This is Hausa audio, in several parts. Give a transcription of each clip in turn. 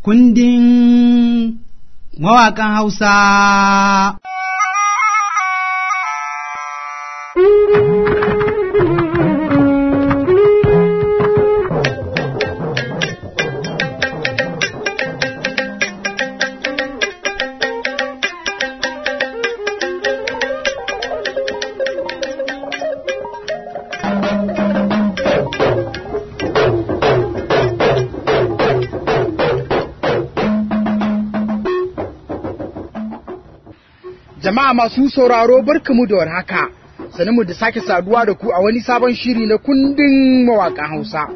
kundin mawakan Hausa. Jama'a masu sauraro barkamu da warhaka, sanin mu da sake saduwa da ku a wani sabon shiri na kundin mawaƙan Hausa.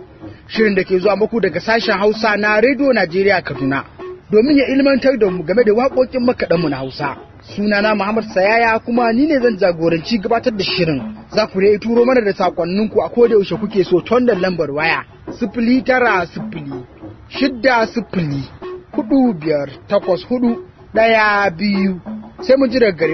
Shirin da ke zuwa muku daga sashen Hausa na Radio Najeriya Kaduna, domin ya ilmantar da mu game da waƙoƙin makaɗan mu na Hausa. Sunana Muhammad Sayaya kuma ni ne zan jagoranci gabatar da shirin. Za ku rai turo mana da sakonninku a koda yaushe kuke so ton lambar waya. Sifili tara sifili, shidda sifili, hudu biyar, takwas hudu, ɗaya biyu. sai mun ji daga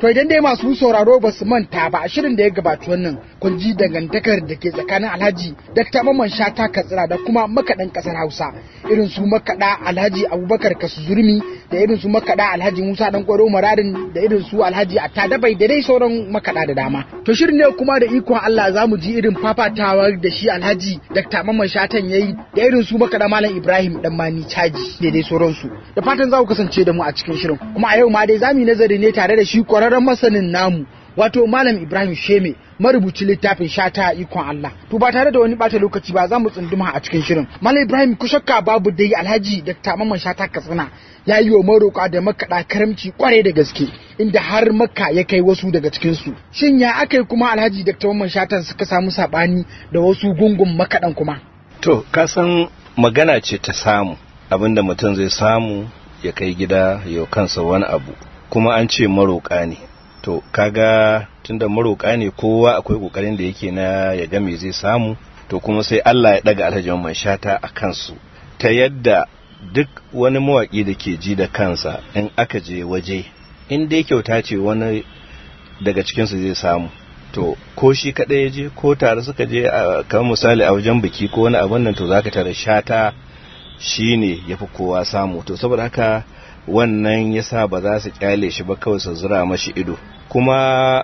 To idan dai masu sauraro ba su manta ba a shirin da ya gabatu wannan kun ji dangantakar da ke tsakanin Alhaji Dr. Mamman Shata Katsira da kuma makaɗan kasar Hausa irin su makaɗa Alhaji Abubakar Zurmi da irin su makaɗa Alhaji Musa Dan Kwaro maradin da irin su Alhaji Atta Dabai da dai sauran makaɗa da dama. To shirin ne kuma da ikon Allah za mu ji irin fafatawar da shi Alhaji Dr. Mamman Shatan ya yi da irin su makaɗa Malam Ibrahim Dan Mani Caji da dai sauransu. Da fatan za ku kasance da mu a cikin shirin kuma a yau ma dai za mu yi nazari ne tare da shi kwarar kwararren masanin namu wato malam ibrahim sheme marubuci littafin shata ikon allah to ba tare da wani bata lokaci ba za mu tsunduma a cikin shirin malam ibrahim ku shakka babu dai alhaji da tamaman shata katsina ya yi wa maroka da makaɗa karamci kwarai da gaske inda har makka ya kai wasu daga cikinsu shin ya aka kuma alhaji da tamaman shatan suka samu saɓani da wasu gungun makaɗan kuma to ka san magana ce ta samu abinda mutum zai samu ya kai gida ya kansa wani abu kuma an ce maroƙa ne to kaga tunda maroƙa ne kowa akwai kokarin da yake na ya ga me zai samu to kuma sai Allah ya daga alhaji man shata a kansu ta yadda duk wani mawaƙi da ke ji da kansa in aka je waje in dai kyauta ce wani daga cikinsu zai samu to ko shi kaɗai ya je ko tare suka je kamar misali a wajen biki ko wani abin nan to zaka tare shata shine yafi kowa samu to saboda haka wannan yasa ba za su kyale shi ba kawai su zura mashi ido kuma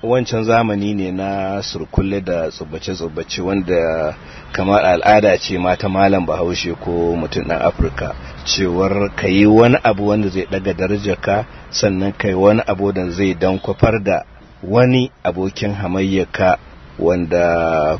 wancan zamani ne na surkulle da tsubace-tsubace wanda kamar al'ada ce mata malam bahaushe ko mutum ɗan afirka cewar ka yi wani abu wanda zai daga darajarka sannan ka yi wani abu da zai dan kwafar da wani abokin hamayyaka wanda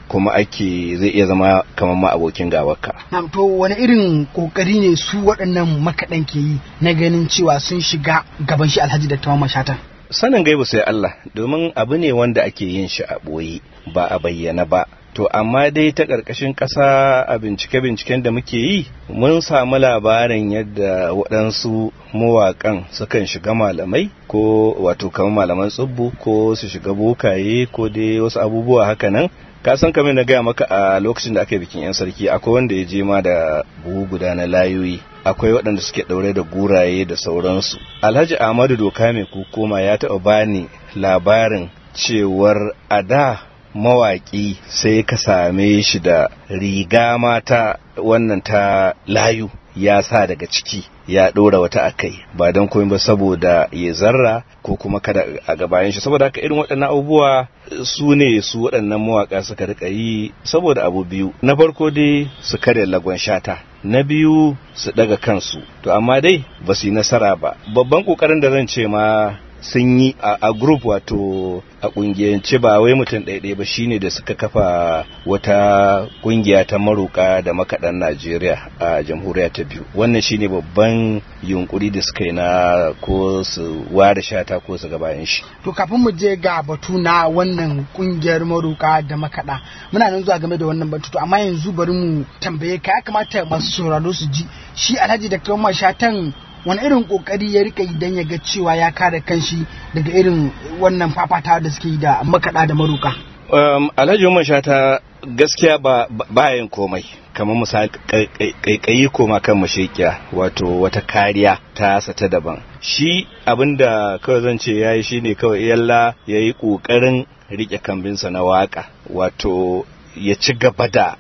kuma ake zai iya zama kamar ma abokin gawarka. Na to wani irin kokari ne su waɗannan makaɗan ke yi na ganin cewa sun shiga gaban shi Alhaji da Tawama Shata. Sanin gaibu sai Allah domin abu ne wanda ake yin shi a ɓoye ba a bayyana ba. to amma dai ta ƙarƙashin ƙasa a bincike-binciken da muke yi mun samu labarin yadda waɗansu mawaƙan sukan shiga malamai ko wato kamar malaman tsubbu ko su shiga bokaye ko dai wasu abubuwa haka nan ka san kamar na gaya maka a lokacin da aka yi bikin 'yan sarki akwai wanda ya je ma da buhu guda na layoyi akwai waɗanda suke ɗaure da guraye da sauransu alhaji ahmadu doka mai kukuma ya taɓa bani labarin cewar a da mawaƙi sai ka same shi da riga mata wannan ta layu ya sa daga ciki ya ɗora wata a kai ba don komai ba saboda ya zarra ko kuma kada a gabayan shi saboda haka irin waɗannan abubuwa su ne su waɗannan mawaƙa suka rika yi saboda abu biyu na farko dai su karya lagon shata na biyu su ɗaga kansu to amma dai ba su yi nasara ba babban ƙoƙarin da zan ce ma sun yi a group wato a kungiyance ba wai mutum ɗaiɗai ba shine da suka kafa wata kungiya ta maruka da makaɗan najeriya a jamhuriya ta biyu wannan shine babban yunkuri da suka yi na ko su ware shata ko su gabayan shi to kafin mu je ga batu na wannan kungiyar maruka da makaɗa muna nan zuwa game da wannan batu amma yanzu bari mu tambaye ka ya kamata masu sauraro su ji shi alhaji da kuma shatan wani irin kokari ya rika idan ya ga cewa ya kare kanshi daga irin wannan fafata da suke da makaɗa da maruka um, alhaji umar shata gaskiya ba bayan komai kamar misali kaikayi koma kan mashekiya wato wata kariya ta sata daban shi abinda kawai zan ce yayi shine kawai yalla yayi kokarin rike kambinsa na waka wato ya ci gaba da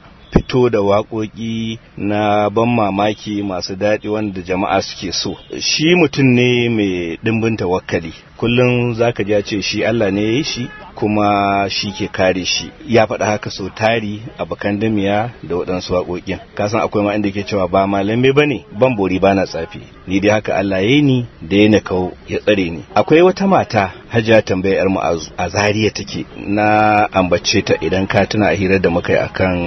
fito da waƙoƙi na ban mamaki masu daɗi wanda jama'a suke so shi mutum ne mai ɗimbin tawakkali kullum zaka ji ya ce shi Allah ne ya yi shi kuma shi ke kare shi ya faɗa haka so tari a bakan damiya da waɗansu waƙoƙin kasan akwai ma inda ke cewa ba ba ne ban bori ba na tsafi ni dai haka Allah ya ni da ya na ya tsare ni akwai wata mata hajiya tambayar mu a zariya take na ambace ta idan ka tuna a hirar da muka yi akan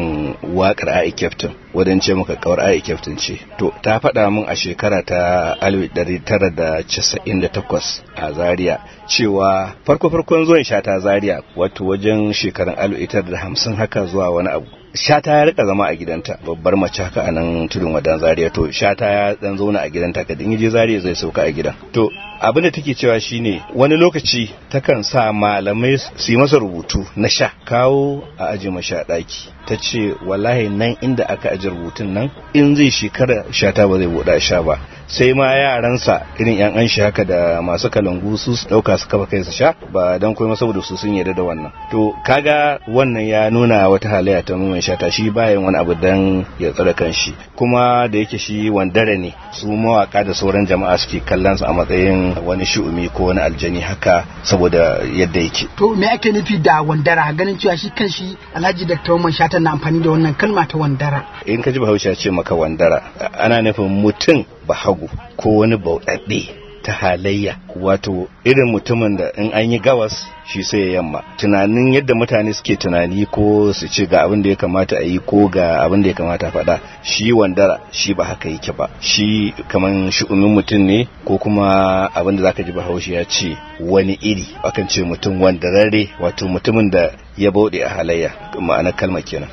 wakar a Captain wadan ce muka kawar ai kyaftin ce to ta faɗa min a shekara ta 1998 a Zaria cewa farko farkon zuwan shata Zaria wato wajen shekarun 1950 haka zuwa wani abu shata ya rika zama a gidanta babbar mace haka a nan tudun wadan Zaria to shata ya dan zauna a gidanta kadin yaje Zaria zai sauka a gidan to abin da take cewa shine wani lokaci takan sa malamai su yi masa rubutu na sha kawo a aji masha daki ta ce wallahi nan inda aka aji rubutun nan in zai shekara shata ba zai buɗa sha ba sai ma yaransa irin yan an shi haka da masu kalangu su ɗauka su kafa kai su sha ba dan masa saboda su sun yarda da wannan to kaga wannan ya nuna wata halayya ta mai shata shi bayan wani abu dan ya tsare kanshi kuma da yake shi wandare ne su mawaka da sauran jama'a suke kallon su a matsayin wani Shu'umi ko wani aljani haka saboda yadda yake to me ake nufi da wandara ganin cewa shi kan shi alhaji dr umar shata na amfani da wannan kalma ta wandara in ka ji bahaushe ya ce maka wandara ana nufin mutum bahagu ko wani bauɗaɗɗe ta halayya wato irin mutumin da in an yi gawas shi sai yamma tunanin yadda mutane suke tunani ko su ci ga abin da ya kamata a yi ko ga abin da ya kamata faɗa shi wandara shi ba haka yake ba shi kaman shi'umin mutum ne ko kuma abin da zaka ji bahaushe ya ce wani iri akan ce mutum wandararre wato mutumin da ya bauɗe a halayya ma'ana kalma kenan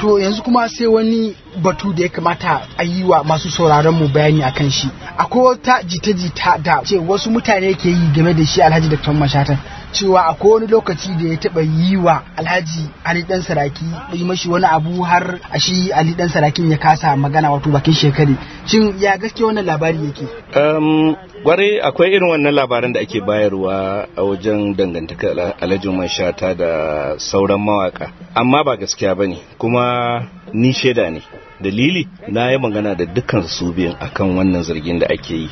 to yanzu kuma sai wani batu da ya kamata a yi wa masu sauraron mu bayani akan shi akwai wata jita-jita da ce wasu mutane ke yi game da shi alhaji da mashatan cewa a wani lokaci da ya taɓa yi wa alhaji ali dan saraki yi mashi wani abu har a shi ali dan sarakin ya kasa magana wato bakin shekari shin ya gaske wannan labari yake um, gware akwai irin wannan labaran da ake bayarwa a wajen dangantaka alhaji man shata da sauran mawaka amma ba gaskiya ne kuma ni shaida ne dalili na yi magana da dukkan su a akan wannan zargin da ake yi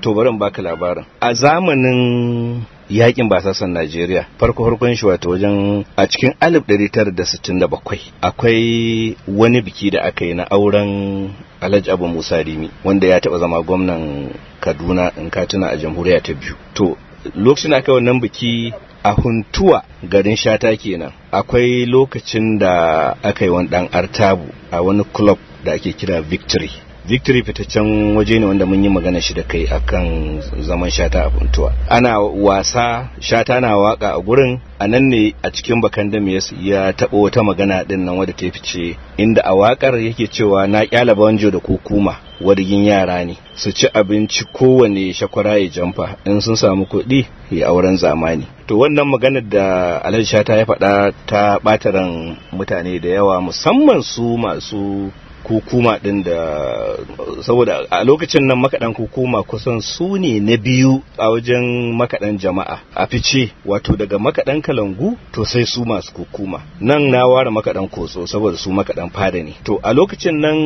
to barin baka labarin a zamanin yakin basasan Najeriya farko farkon shi wato wajen a cikin 1967 akwai wani biki da aka yi na auren Alhaji Abu Musa dimi wanda ya taba zama gwamnan Kaduna in ka tuna a jamhuriya ta biyu to lokacin aka yi wannan biki a huntuwa garin shata kenan akwai lokacin da aka yi wani dan artabu a wani club da ake kira victory victory fitaccen waje ne wanda mun yi magana shi da kai akan zaman shata a puntuwa ana wasa shata na waka a gurin a nan ne a cikin bakan da ya taɓo wata magana din nan wadda ta fice inda a wakar yake cewa na kyala banjo da kukuma wadigin yara ne su ci abinci kowane shakwara ya jamfa in sun samu kuɗi ya auren zamani to wannan magana da alhaji shata ya faɗa ta ɓata ran mutane da yawa musamman su masu kukuma din da saboda a lokacin nan makadan kukuma kusan su ne na biyu a wajen makadan jama'a a fice wato daga makadan kalangu to sai su masu kukuma nan na ware makadan kotso saboda su makadan fada ne to a lokacin nan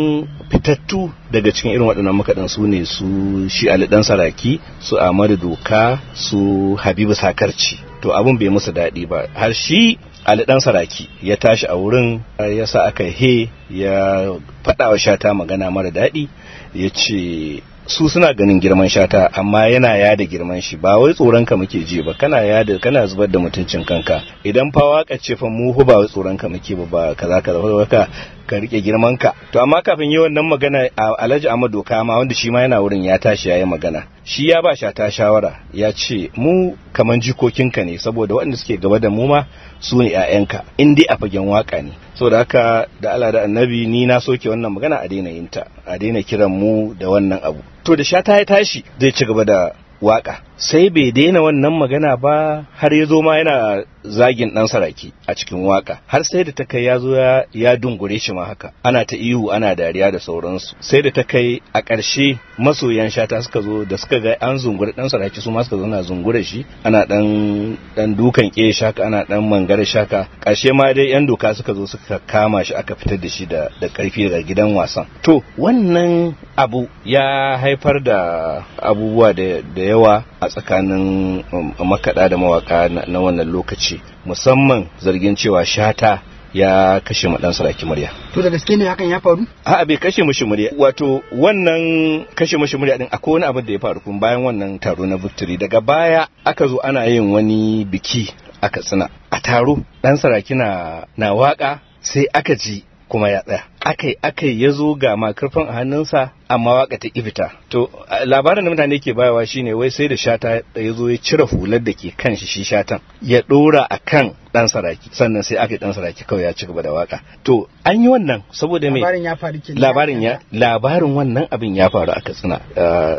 fitattu daga cikin irin waɗannan makadan su ne su shi ali ɗan saraki su amadu doka su habibu sakarci to abun bai musu daɗi ba har shi Ali dan saraki ya tashi a wurin eh, ya sa aka he ya fada wa shata magana mara daɗi ya ce su suna ganin girman shata amma yana yada girman shi ba wai tsoron ka muke ji ba kana yada kana zubar da mutuncin kanka idan fa waka ce fa mu ba wai tsoron ka muke ba ba kaza kaza ka ka rike girman ka to amma kafin yi wannan magana Alhaji Ahmad Doka ma wanda shi ma yana wurin ya tashi yayi magana shi ya ba shata shawara ya ce mu kaman jikokinka ne saboda waɗanda suke gaba da mu ma su ne 'ya'yanka in dai a fagen waka ne saboda haka da Allah da annabi ni na soke wannan magana a daina yinta a daina kiran mu da wannan abu to da sha ta tashi zai ci gaba da waka sai bai daina wannan magana ba har ya zo ma yana zagin ɗan saraki a cikin waka har sai da ta kai ya zo ya dungure shi ma haka ana ta ihu ana dariya da sauransu sai da ta kai a ƙarshe masoyan shata suka zo da suka ga an zungure ɗan saraki su ma suka zo na zungure shi ana ɗan ɗan dukan ƙe shaka ana ɗan mangare shaka ƙarshe ma dai yan doka suka zo suka kama shi aka fitar da shi da da ƙarfi daga gidan wasan to wannan abu ya haifar da abubuwa da yawa a tsakanin um, makaɗa da mawaka na wannan lokaci musamman zargin cewa shata ya kashe maɗan saraki murya. To da gaske ne hakan ya faru? A'a bai kashe shi murya. Wato wannan kashe shi murya din akwai wani abin da ya faru kun bayan wannan taro na victory daga baya aka zo ana yin wani biki a Katsina. a taro ɗan saraki na, na waka sai aka ji kuma ya tsaya akai akai ya zo ga makarfin a hannunsa amma waka ta ibita to labarin da mutane ke bayawa shine wai sai da shata ya zo ya cire hular da ke kan shi shi shatan ya dora a kan dan saraki sannan sai aka dan saraki kawai ya ci gaba da waka to an yi wannan saboda me labarin ya faru labarin ya labarin wannan abin ya faru a Katsina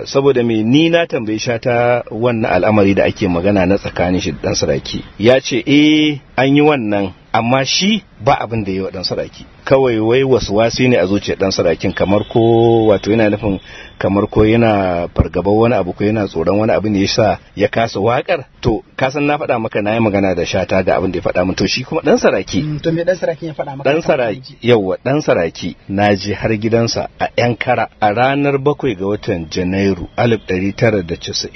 saboda me ni na tambayi shata wannan al'amari da ake magana na tsakanin shi da dan saraki ya ce eh an yi wannan amma shi ba abin da yi wa dan saraki kawai wai wasi ne a zuciyar dan sarakin kamar ko wato yana nufin kamar ko yana fargaban wani abu ko yana tsoron wani abu ne sa ya kasa wakar to kasan na faɗa maka na yi magana da shata ga abin da ya faɗa min to shi kuma dan saraki mm, to me dan saraki ya faɗa maka dan saraki yawa dan saraki na ji har gidansa a yan kara a ranar bakwai ga watan janairu 1993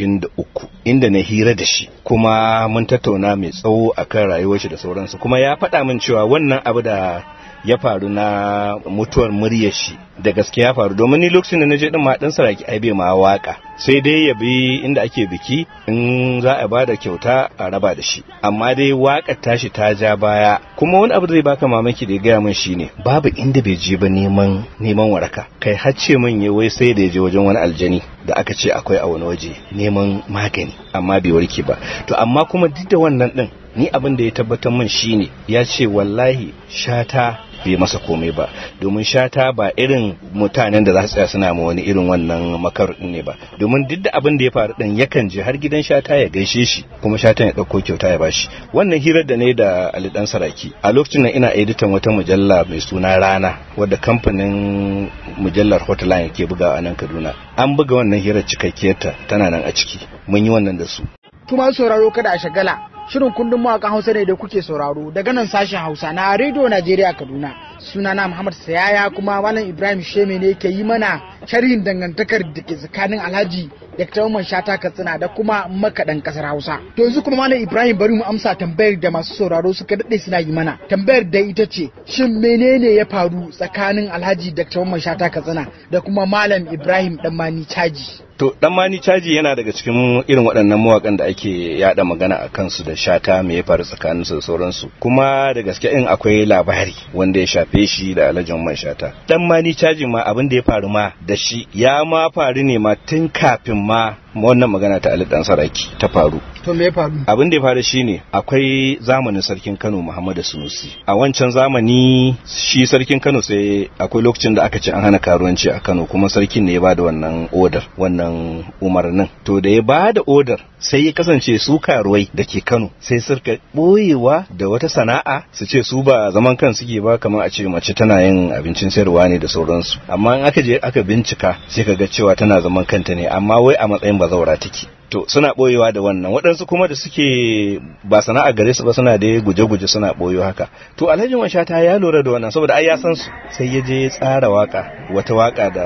inda na hira da shi kuma mun tattauna mai tsawo akan rayuwar shi da sauransu kuma ya faɗa min cewa wannan wannan abu da ya faru na mutuwar muryar shi da gaske ya faru domin ni lokacin da naje din ma dan saraki ai bai ma waka sai dai ya bi inda ake biki in za a bada kyauta a raba da shi amma dai waka tashi ta ja baya kuma wani abu zai baka mamaki da ya gaya min shine babu inda bai je ba neman neman waraka kai har ce min ya wai sai da ya je wajen wani aljani da aka ce akwai a wani waje neman magani amma bai warke ba to amma kuma duk da wannan din ni abin da ya tabbatar min shine ya ce wallahi shata bai masa komai ba domin shata ba irin mutanen da za su tsaya suna ma wani irin wannan makar ne ba domin duk da abin da ya faru din yakan je har gidan shata ya gaishe shi kuma shatan ya dauko kyauta ya bashi wannan hirar da ne da Ali dan Saraki a lokacin nan ina editan wata mujalla mai suna Rana wadda kamfanin mujallar Hotline ke buga a nan Kaduna an buga wannan hirar cikakkiyarta tana nan a ciki mun yi wannan da su kuma sauraro kada a shagala Shirin kundin mawakan Hausa ne da kuke sauraro daga nan sashen Hausa na Radio Najeriya Kaduna. suna na Muhammad Sayaya kuma Malam Ibrahim Sheme ne ke yi mana sharhin dangantakar da ke tsakanin Alhaji Dr. Umar Shata Katsina da kuma makaɗan ƙasar Hausa. To yanzu kuma Malam Ibrahim bari mu amsa tambayar da masu sauraro suka daɗe suna yi mana. Tambayar da ita ce shin menene ya faru tsakanin Alhaji Dr. Umar Shata Katsina da kuma Malam Ibrahim mani Caji. to dan mani caji yana daga cikin irin waɗannan mawakan da ake yada magana a kansu da shata mai ya faru tsakanin su da sauransu kuma da gaske in akwai labari wanda ya shafe shi da alajin man shata dan mani caji ma abin da ya faru ma da shi ya ma faru ne ma tun kafin ma wannan magana ta alidan saraki ta faru to me faru abin da ya faru shine akwai zamanin sarkin Kano Muhammadu Sunusi a wancan zamani shi sarkin Kano sai akwai lokacin da aka ce an hana karuwanci a Kano kuma sarkin ne ya bada wannan order wannan wannan umarnin to da ya ba da odar sai ya kasance su karuwai da ke kano sai suka boyewa da wata sana'a su ce su ba zaman kan suke ba kamar a ce mace tana yin abincin sayarwa ne da sauransu amma in aka je aka bincika sai ka ga cewa tana zaman kanta ne amma wai a matsayin ba bazaura take to suna boyewa da wannan waɗansu kuma da suke ba sana'a gare su ba suna da guje-guje suna boyo haka to alhaji mashata ya lura da wannan saboda ai ya san su sai ya je tsara waka wata waka da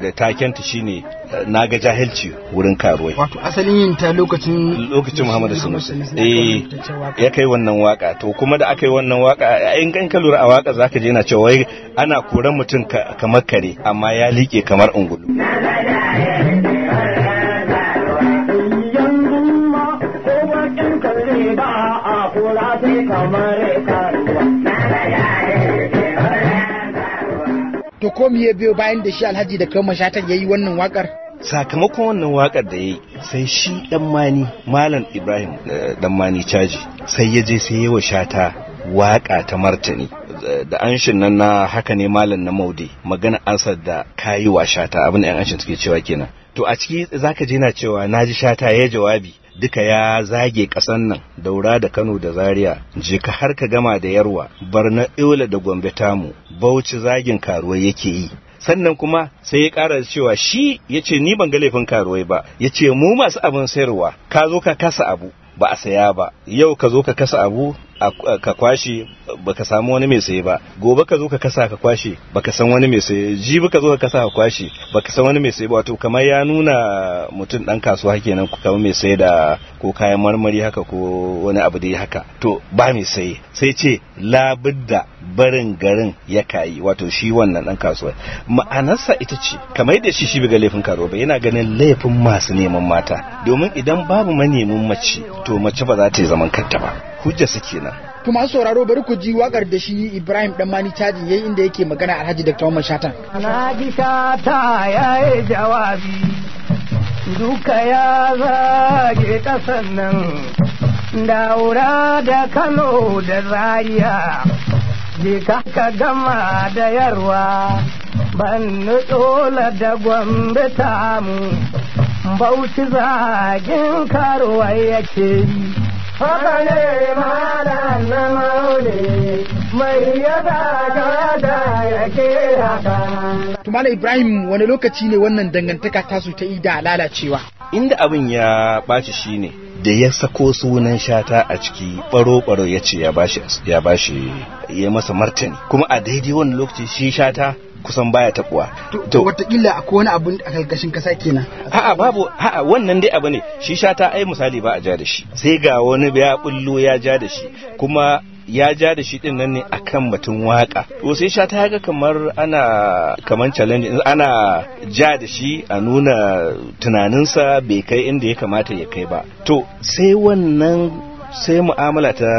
da taken ta shine na ga jahilci wurin karuwai wato asalin yin ta lokacin lokacin Muhammadu Sanusi eh ya kai wannan waka to kuma da aka yi wannan waka in kan ka lura a waka zaka je na cewa ana koran mutum kamar kare amma ya liƙe kamar ungulu ko ya biyo bayan da shi alhaji da kan mashatan ya yi wannan wakar sakamakon wannan wakar da ya yi sai shi dan mani malam ibrahim dan eh, mani caji sai ya je sai ya shata waka ta martani da anshin nan na haka ne malam na Maude magana ansar da kayi wa shata abin da yan anshin suke cewa kenan to a ciki zaka je na cewa naji shata ya jawabi duka ya zage kasan nan daura da kano da zaria jika har ka gama da yarwa barna iwala da gombe tamu bauchi zagin karuwa yake yi sannan kuma sai ya ƙara cewa shi ya ce ni ban ga laifin karuwai ba ya ce mu masu abin sayarwa ka zo ka kasa abu ba a saya ba yau ka zo ka kasa abu ka kwashe baka samu wani mai saye ba gobe ka zo ka kasa ka kwashe baka san wani mai saye ji ka zo ka kasa ka kwashe baka san wani mai saye ba wato kamar ya nuna mutum dan kasuwa kenan kamar mai saye da ko kayan marmari haka ko wani abu dai haka to ba mai saye sai ce labudda barin garin ya kayi wato shi wannan dan kasuwa ma'anarsa ita ce kamar yadda shi shi biga laifin karo ba yana ganin laifin masu neman mata domin idan babu manemin mace to mace ba za ta yi zaman kanta ba hujja su kenan Kuma an sauraro bari ku ji wakar da shi Ibrahim dan Mani Caji yayi inda yake magana Alhaji Dr. Umar Shatan Alhaji Shata yayi jawabi duka ya zage kasan nan daura da Kano da zariya je ka gama da yarwa ban nutsola da gwambe tamu bauchi zagin karuwa yake yi haka ne na mai yaba yake Tumala Ibrahim wani lokaci ne wannan dangantaka tasu ta ida lalacewa. Inda abin ya ɓaci shi ne da ya sako sunan shata a ciki ɓaro-ɓaro ya ce ya bashi ya masa martani kuma a daidai wani lokaci shi shata kusan baya tabuwa to watakila akwai wani abu a karkashin kasa kenan a'a babu a'a wannan dai abu ne shi shata ai misali ba a ja da shi sai ga wani ya bullo ya ja da shi kuma ya ja da shi din nan ne akan batun waka to sai sha ta ga kamar ana kamar challenge ana ja da shi a nuna tunaninsa bai kai inda ya kamata ya kai ba to sai wannan sai mu'amala ta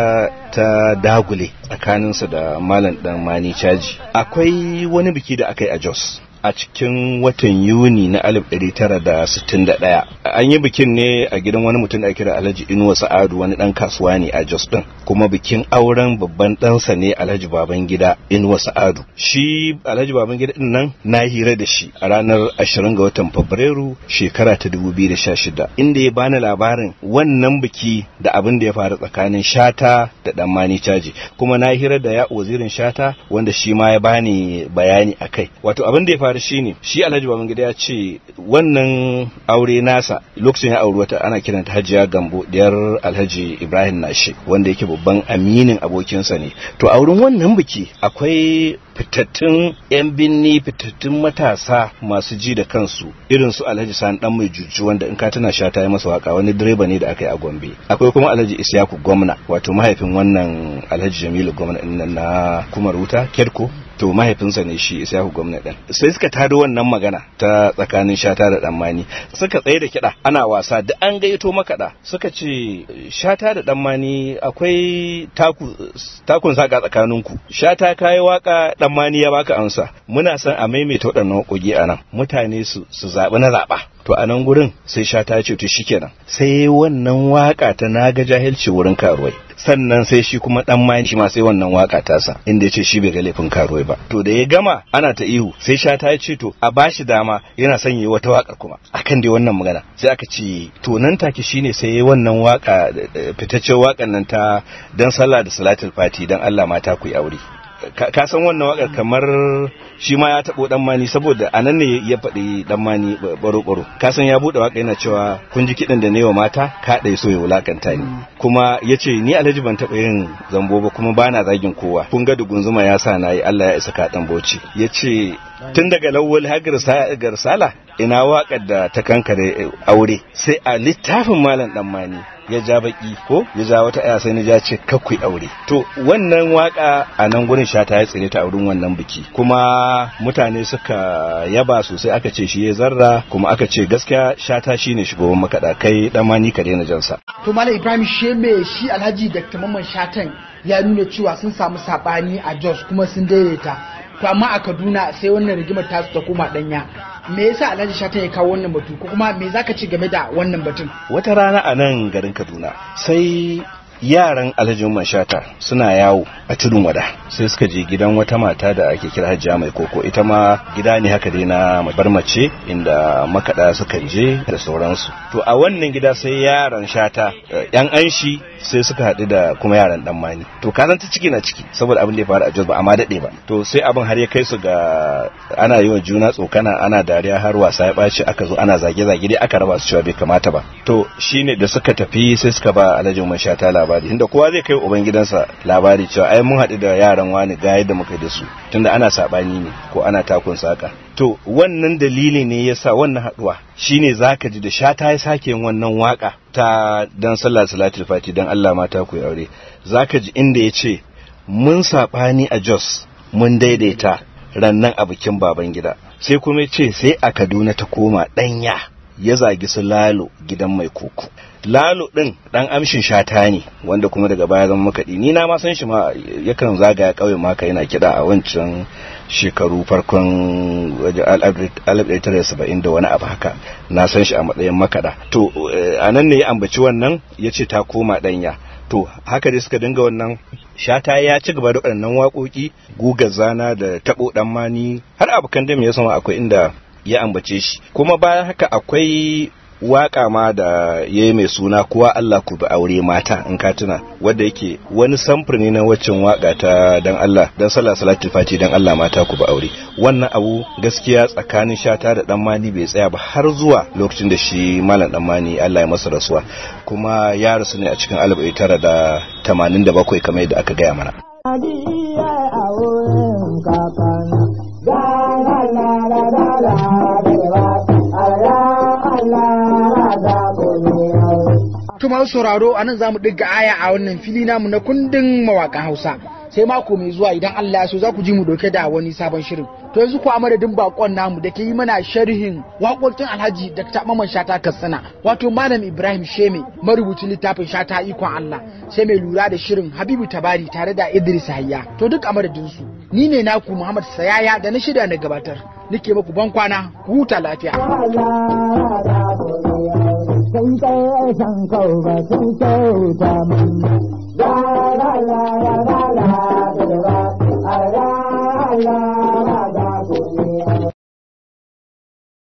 ta dagule tsakaninsa da malam dan mani caji akwai wani biki da aka yi a jos a cikin watan yuni na 1961 an yi bikin ne a gidan wani mutum da kira alhaji inuwa sa'adu wani dan kasuwa ne a jos din kuma bikin auren babban ɗansa ne alhaji baban gida inuwa sa'adu shi alhaji baban gida din nan na hira da shi a ranar 20 ga watan fabrairu shekara ta 2016 inda ya bani labarin wannan biki da abin da ya faru tsakanin shata da dan mani caji kuma na hira da ya wazirin shata wanda shi ma ya bani bayani akai wato abin da ya faru shine shi Alhaji Babangida ya ce wannan aure nasa lokacin ya auri wata ana kiranta Hajiya Gambo diyar Alhaji Ibrahim Nashi wanda yake babban aminin abokinsa ne to a wurin wannan biki akwai fitattun 'yan binni fitattun matasa masu ji da kansu irin su alhaji san dan mai juju wanda in ka tana sha ta yi masa waka wani direba ne da aka yi a gombe akwai kuma alhaji isyaku gwamna wato mahaifin wannan alhaji jamilu gwamna na kuma ruta kerko to mahaifinsa ne shi Ishaku gwamna din sai suka taro wannan magana ta tsakanin Shata da Danmani suka tsaye da kiɗa ana wasa duk an gayyato makaɗa suka ce Shata da Danmani akwai taku takun saka tsakanin ku Shata kai waka Danmani ya baka amsa muna san a maimaita waɗannan kogi a nan mutane su su zaɓi na zaɓa to a nan gurin sai Shata ya ce to shikenan sai wannan waka ta naga jahilci wurin karuwai sannan sai shi kuma dan mai shi ma sai wannan waka ta sa. inda ya ce shi bai ga laifin karuwai ba to da ya gama ana ta ihu sai shata ya ce to a bashi dama yana son wata wakar kuma akan dai wannan magana sai aka ce to nan take shine sai yayi wannan waka eh, fitaccen wakan nan ta dan sallah da salatul fati dan Allah mata ku yi aure ka san wannan wakar mm. kamar shi ma ya tabo dan mani saboda anan ne ya faɗi dan mani baro baro ka san ya bude waka yana cewa kun ji kidan da ne wa mata ka dai so ya wulakanta ni mm. kuma yace ni alhaji ban taba yin zambo ba kuma bana zagin kowa kun ga dugunzuma ya sa nayi Allah ya isa ka dan bauchi yace tun daga lawwal hagar garsala ina waƙar da ta kankare eh, aure sai a littafin malam ɗanmani ya ja baƙi ko ya ja wata aya sai na ja ce ku aure to wannan waka a nan gurin shata ya tsire ta wurin wannan biki kuma mutane suka yaba sosai aka ce shi ya zarra kuma aka ce gaskiya shata shine shugaban makada kai dan mani ka daina jansa to malam ibrahim sheme shi alhaji da mamman shatan ya nuna cewa sun samu saɓani a jos kuma sun daidaita to amma a kaduna sai wannan rigimar tasu ta koma danya me yasa Alhaji shatan ya kawo wannan batu ko kuma me zaka ci game da wannan batun wata rana a nan garin Kaduna sai yaran alhaji shata suna yawo a tudun wada sai suka je gidan wata mata da ake kira hajiya mai koko ita ma gida ne haka dai na barmace inda makaɗa sukan je da sauransu to a wannan gida sai yaran shata eh, yan anshi sai suka haɗu da kuma yaran dan mani to ka ta ciki na ciki saboda abin da ya faru a jos ba amma daɗe ba to sai abin har ya kai su ga ana yi wa juna tsokana ana dariya har wasa ya ɓaci aka zo ana zage-zage dai aka raba su cewa bai kamata ba to shine da suka tafi sai suka ba alhaji mashata labarin labari inda kowa zai kai uban gidansa labari cewa ai mun haɗu da yaran wani ga yadda muka da su tunda ana saɓani ne ko ana takun saka to wannan dalili ne yasa wannan haɗuwa shine zaka ji da shata ya sake yin wannan waka ta dan sallah salatul fati dan Allah mata ku aure zaka ji inda ya ce mun saɓani a Jos mun daidaita rannan a bikin baban gida sai kuma ce sai a Kaduna ta koma ɗanya ya zagi su lalo gidan mai koko lalo din dan amshin shata ne wanda kuma daga baya zama makaɗi ni na ma shi ma yakan zagaya kawai maka yana kiɗa a wancan shekaru farkon 1970 da wani abu haka na san shi a matsayin makaɗa to eh, a nan ne ya ambaci wannan ya ce ta koma ɗanya to haka dai suka dinga wannan shata ya ci gaba da waɗannan waƙoƙi guga zana da taɓo ɗan mani har abokan da ya sama akwai inda ya ambace shi kuma bayan haka akwai waƙa ma da ya mai suna kuwa Allah ku bi aure mata in ka tuna wadda yake wani samfur ne na waccan waka ta dan Allah dan sallah salati fati dan Allah mata ku bi aure wannan abu gaskiya tsakanin shata da dan mani bai tsaya ba har zuwa lokacin da shi malam dan mani Allah ya masa rasuwa kuma ya rasu ne a cikin 1987 kamar yadda aka gaya mana Tuma sauraro a nan za mu ɗiga aya a wannan fili namu na kundin mawaƙan Hausa. Sai mako mai zuwa idan Allah ya so za ku ji mu dauke da wani sabon shirin. To yanzu ku a madadin bakon namu da ke yi mana sharhin waƙoƙin Alhaji da ta Maman Shata Katsina wato Malam Ibrahim Sheme marubucin littafin Shata Ikon Allah sai mai lura da shirin Habibu Tabari tare da Idris Hayya. To duk a madadin su ni ne naku Muhammad Sayaya da na shida na gabatar. Nike muku ban kwana ku huta lafiya. sinh tế sân cầu và sinh tế trà mình la la la la la la la la la